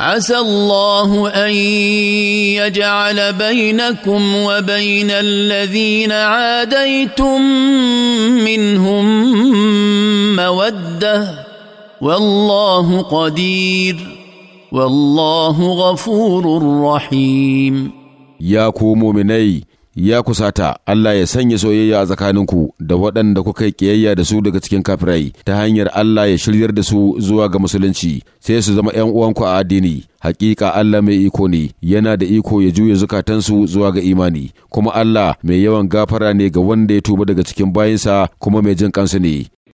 عسى الله ان يجعل بينكم وبين الذين عاديتم منهم موده والله قدير والله غفور رحيم يا كومو مني ya kusata Allah ya sanya soyayya a tsakaninku da waɗanda kuka yi ƙiyayya da su daga cikin kafirai ta hanyar Allah ya shiryar da su zuwa ga musulunci sai su zama ‘yan uwanku a addini hakika Allah mai iko ne yana da iko ya juya zukatansu zuwa ga imani kuma Allah mai yawan gafara ne ga wanda ya tuba daga cikin bayinsa kuma mai jin kansu ne